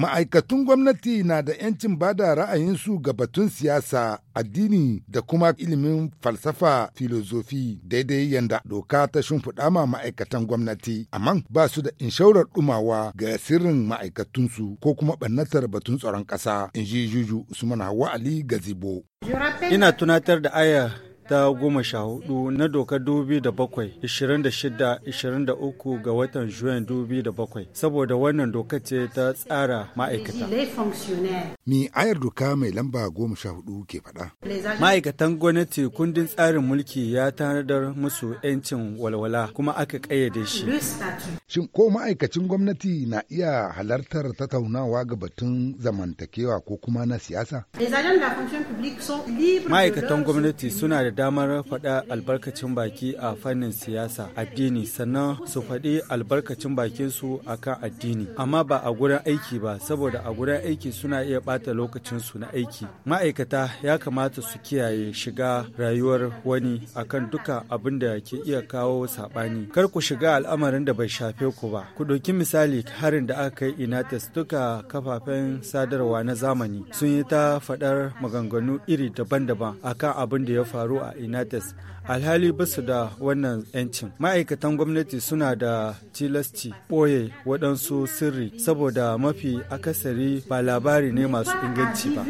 Ma'aikatun gwamnati na da 'yancin ba da ra'ayinsu ga batun siyasa, addini da kuma ilimin falsafa filozofi daidai yanda doka ta shimfiɗa ma ma'aikatan gwamnati, amma ba su da inshaurar ɗumawa ga sirrin ma'aikatunsu ko kuma ɓannatar batun tsaron ƙasa, in ji Juju Usman Hawa Ali Gazibo. Ina tunatar da aya ta goma sha hudu na doka dubi da bakwai ishirin da shida ishirin da uku ga watan juyin dubi da bakwai saboda wannan doka ce ta tsara ma'aikata. Mi ayar doka mai lamba goma sha hudu ke faɗa. Ma'aikatan gwamnati kundin tsarin mulki ya tanadar musu 'yancin walwala kuma aka ƙayyade shi. Shin ko ma'aikacin gwamnati na iya halartar tattaunawa ga batun zamantakewa ko kuma na siyasa? Ma'aikatan gwamnati suna da damar faɗa albarkacin baki a fannin siyasa addini sannan su faɗi albarkacin bakinsu a kan addini amma ba a gurin aiki ba saboda a gurin aiki suna iya bata lokacinsu na aiki ma'aikata ya kamata su kiyaye shiga rayuwar wani akan duka abin da ke iya kawo saɓani kar ku shiga al'amarin da bai shafe ku ba ku ɗauki misali harin da aka yi inates duka kafafen sadarwa na zamani sun yi ta faɗar maganganu iri daban-daban akan abin da ya faru a inates alhali ba su da wannan 'yancin ma'aikatan gwamnati suna da tilasci ɓoye waɗansu sirri saboda mafi akasari ba labari ne masu inganci ba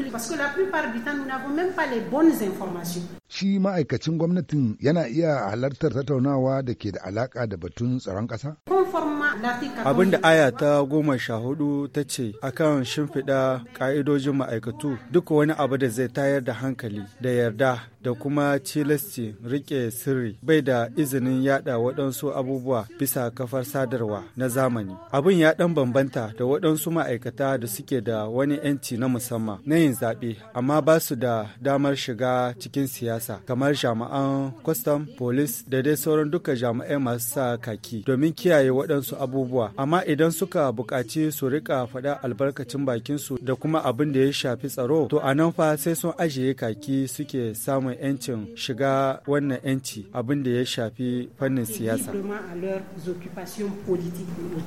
shi ma'aikacin gwamnatin yana iya halartar tattaunawa da ke da alaƙa da batun tsaron ƙasa? Abin da aya ta goma sha hudu ta ce a kan shimfiɗa ƙa'idojin ma'aikatu duk wani abu da zai tayar da hankali da yarda da kuma cilasci rike sirri bai da izinin yada waɗansu abubuwa bisa kafar sadarwa na zamani. Abin ya ɗan bambanta da waɗansu ma'aikata da suke da wani 'yanci na musamman na yin zaɓe amma ba su da damar shiga cikin siyasa kamar jami'an kwastam polis da dai sauran duka jami'ai masu sa kaki domin kiyaye yi waɗansu abubuwa amma idan suka buƙaci su rika faɗa albarkacin bakinsu da kuma abin da ya shafi tsaro to a nan fa sai sun ajiye kaki suke samun 'yancin shiga wannan 'yanci abin da ya shafi fannin siyasa